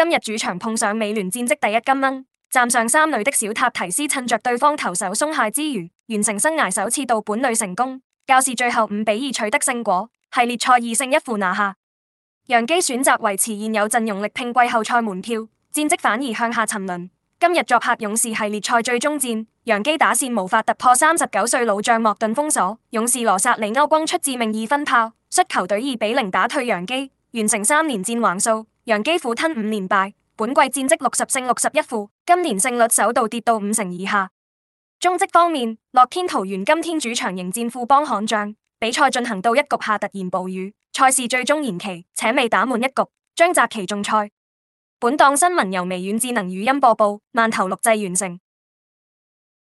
今日主場碰上美聯戰績第一金鶯，站上三壘的小塔提斯，趁着對方投手鬆懈之餘，完成生涯首次盜本壘成功，教士最後五比二取得勝果，系列賽二勝一負拿下。洋基選擇維持現有陣容力拼季後賽門票，戰績反而向下沉淪。今日作客勇士系列賽最終戰，洋基打線無法突破三十九歲老將莫頓封鎖，勇士羅薩里歐轟出致命二分炮，率球隊二比零打退洋基，完成三連戰橫掃。楊基虎吞五連敗，本季戰績六十勝六十一負，今年勝率首度跌到五成以下。中職方面，樂天桃園今天主場迎戰富邦悍將，比賽進行到一局下突然暴雨，賽事最終延期且未打滿一局，將擇期重賽。本檔新聞由微軟智能語音播報，慢頭錄製完成。